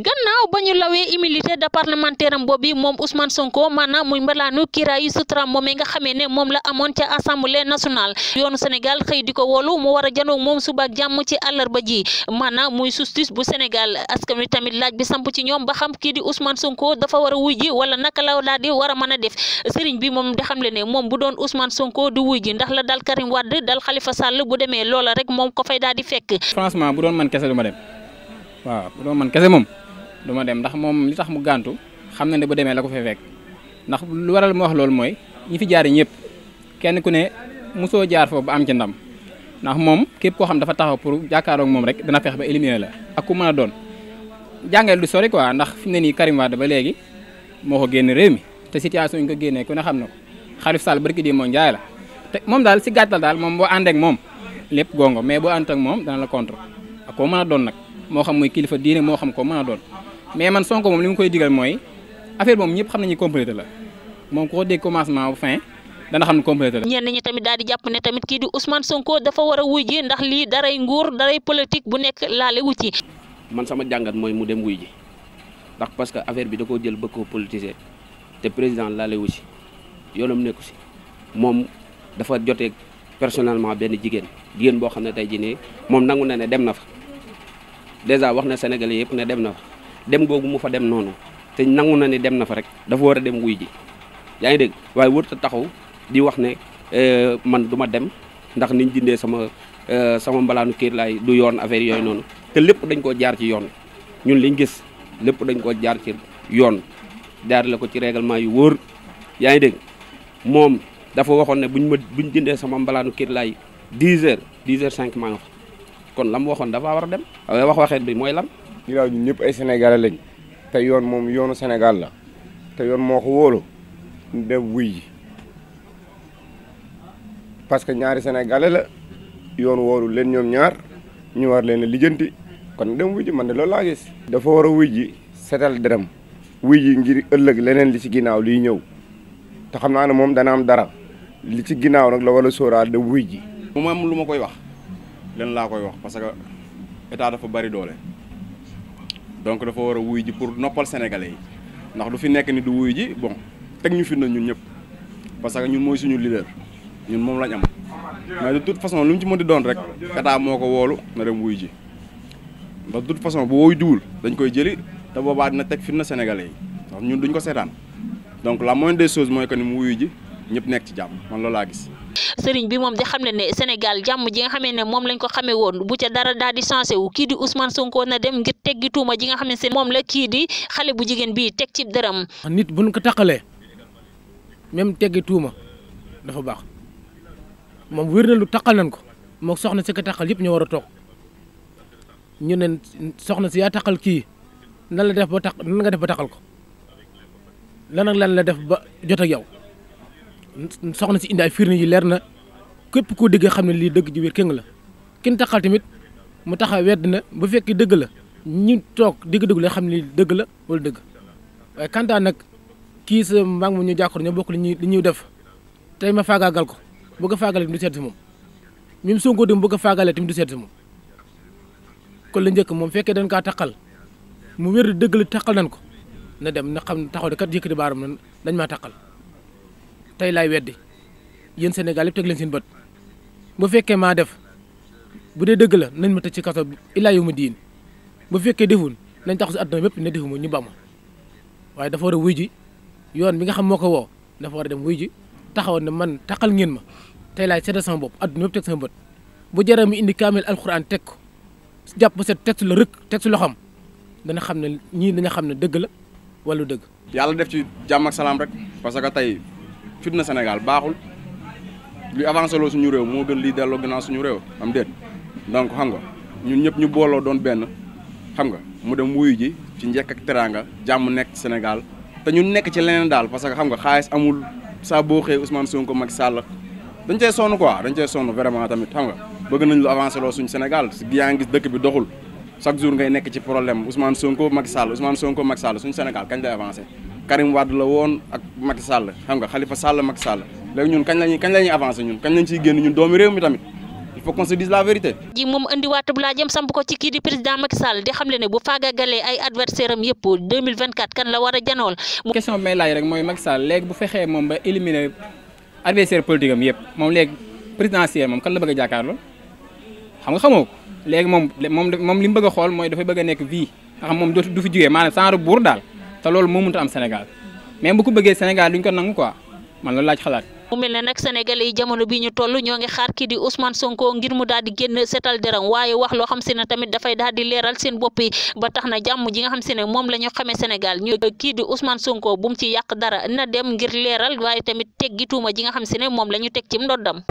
gannaaw ba ñu lawee immunité de parlementaire am boobu moom Ousmane Sonko maanaam muy mbalaanu kiraayu moom moomee nga xamee ne moom la amoon ca assemblée national yoonu Sénégal xëy di ko woolu mu war a janoo moom suba ak jàmm ci àllarba ji maana muy justice bu Sénégal askan wi tamit laaj bi samp ci ñoom ba xam kii di usman Sonko dafa war a wuy ji wala naka la daal di war a mën a def sëriñ bi moom di xamle ne moom bu doon Ousmane Sonko di wuy ji ndax la dal Karim Wade dal Khalifa Sall bu demee loola rek moom ko fay daal di fekk. franchement bu doon man kese du ma waaw du ma dem ndax moom li tax mu gàntu xam na ne bu demee la ko fay fekk ndax lu waral ma wax loolu mooy ñi fi jaar ñëpp kenn ku ne mosoo jaar foofu ba am ci ndam ndax moom képp koo xam dafa taxaw pour jàkkaaroog moom rek dana fex ba éliminer la ak ku doon jàngale du sori quoi ndax fi ne nii Karim Wade ba léegi moo ko génn réew mi te situation yi ñu ko génnee ku ne xam na ko Khalifa Sall barki di moo njaay la te moom daal si gàttal daal moom boo àndeek ak moom lépp gongo mais boo ànd ak moom dana la contre ak koo mën a doon nag moo xam muy kilifa diine moo xam koo mën a doon mais man Sonko moom li mu koy digal mooy affaire moom ñëpp xam nañu complété la moom ku ko dégg commencement bu fin dana xam ne complété la. ñenn ñi tamit daal di jàpp ne tamit kii di Ousmane Sonko dafa war a wuy ji ndax lii daray nguur daray politique bu nekk laale wu ci. man sama jàngat mooy mu dem wuy ji ndax parce que affaire bi da koo jël bëgg koo politiser te président laale wu ci yoonam nekku si moom dafa jotee personnellement benn jigéen jigéen boo xam ne tey jii moom nangu na ne dem na fa déjà wax na Sénégalais yëpp ne dem na fa. dem googu mu fa dem noonu te nangu na ni dem na fa rek dafa war a dem wuy ji yaa ngi dégg waaye wërta taxaw di wax ne eh, man duma dem ndax niñ dindee sama eh, sama mbalaanu kër laay du yoon affaire yooyu noonu te lépp dañ koo jaar ci yoon ñun liñ gis lépp dañ koo jaar ci yoon jaar ko ci règlement yu wóor yaa ngi dégg moom dafa waxoon ne buñ ma buñ dindee sama mbalaanu kër laay 10 heures 10 heures 5 maa nga fa kon lam waxoon dafa war a dem waaye wax waxeet bi mooy lan ginnaaw ñun ñëpp ay sénégalais lañ te yoon moom yoonu Sénégal la te yoon moo ko wóolu ñu def wuy parce que ñaari sénégalais la yoon wóolu leen ñoom ñaar ñu war leen a lijjanti kon dem wuy ji man de loolu laa dafa war a wuy ji setal deram wuy ji ngir ëllëg leneen li ci ginnaaw li ñëw te xam naa ne moom dana am dara li ci ginnaaw nag la wala sóoraal dem wuy ji. mu am lu ma koy wax leen laa koy wax parce que état dafa bari doole. donc dafa war a wuy ji pour noppal sénégalais yi ndax du fi nekk ni du wuy ji bon teg ñu fitna ñun ñëpp parce que ñun mooy suñu leader ñun moom lañ am mais de toute façon lu mu ci mën di doon rek état moo ko woolu na dem wuy ji ndax de toute façon bu wooy diwul dañ koy jëli te boobaa dina teg fitna sénégalais yi ndax ñun duñ ko seetaan donc la moindre des choses mooy que ni mu wuyu ji ñëpp nekk ci jàmm man loolu laa gis sëriñ bi moom di xam ne ne Sénégal jàmm ji nga xamee ne moom lañ ko xamee woon bu ca dara daal di changé wu kii di Ousmane Sonko na dem ngir teggi tuuma ji nga xam ne moom la kii di xale bu jigéen bii teg ci dërëm. nit buñ ko taqalee même teggi tuuma dafa baax moom wér na lu taqal nañ ko moom soxna si ko taqal yëpp ñoo war a toog ñu ne soxna si yaa taqal kii na la def ba taq nan nga def ko la ak lan la def ba jot ak yow. soxna si indi ay firnde yi leer na képp koo dégg xam ne lii dëgg ji wér kéng la kenn taxal tamit mu taxaw wedd na bu fekkee dëgg la ñu toog dégg-dëgg la xam ne lii dëgg la wala dëgg waaye kantaan nag kii sa mag mu ñu jàkkoor ñoo bokk lañuy ñuy def tey ma faagaagal ko bëgg a faagale tamit du sedd si moom même Sonko dem bëgg a faagalee tamit du seet si moom kon la njëkk moom fekkee dañ kaa taxal mu wér dëgg la taqal nañ ko na dem na xam taxaw de kat yëkkati baaram na dañ maa taxal tey laay weddi yéen Sénégal yëpp teg leen seen bët bu fekkee maa def bu dee dëgg la nañ ma tëj ci kaso illaa yu ma diin bu fekkee deful nañ tax si àdduna bépp ne defuma ñu bama waaye dafa war a wuy ji yoon bi nga xam moo ko woo dafa war a dem wuy ji taxawoon na man taxal ngeen ma tey laay seetal sama bopp àdduna bépp teg sama bët bu jaree mu indi kaamil alxuraan teg ko jàpp ba set teg su la rëkk teg su loxoom dana xam ne ñii dina xam ne dëgg la wala dëgg. yàlla def ci jàmm rek parce que tey. fitna Sénégal baaxul li avancé suñu réew moo gën lii delloo gannaaw suñu réew am déet donc xam nga ñun ñëpp ñu booloo doon benn xam nga mu dem wuyu ji ci njekk ak teraanga jàmm nekk Sénégal te ñu nekk ci leneen daal parce que xam nga xaalis amul saa boo xëyee Ousmane Sonko mag Sall dañ cee sonn quoi dañ cee sonn vraiment tamit xam nga bëgg nañ lu avancé loo suñu Sénégal yaa ngi dëkk bi doxul chaque jour ngay nekk ci problème Ousmane Sonko Macky Sall Ousmane Sonko Macky Sall suñu Sénégal kañ lay Karim Wade la woon ak Macky Sall xam nga Khalifa Sall Macky Sall léegi ñun kañ lañuy avancer ñun kañ lañ génn ñun doomi réew mi tamit il faut qu'on se dise la vérité. moom indiwaat bu laa jëm samp ko ci kii di président Macky Sall di xamle ne bu faagaagalee ay adversaire am yëpp 2024 kan la war a janool. question bi may laaj rek mooy Macky Sall léegi bu fexee moom ba éliminer adversaire politique am moom léegi présidentiel moom kan la te loolu moo mënut am Sénégal mais bu ko bëggee Sénégal duñ ko nangu quoi man la laaj xalaat. mu mel na nag senegal yi jamono bi ñu toll ñoo ngi xaar kii di Ousmane Sonko ngir mu daal di génn setal deram wax loo xam si ne tamit dafay daal di leeral seen bopp yi ba jàmm ji nga xam si ne moom la ñu xamee Sénégal ñu kii di Ousmane Sonko bu mu ci yàq dara na dem ngir leeral waaye tamit teggi tuuma ji nga xam si ne moom la ñu teg ci ndoddam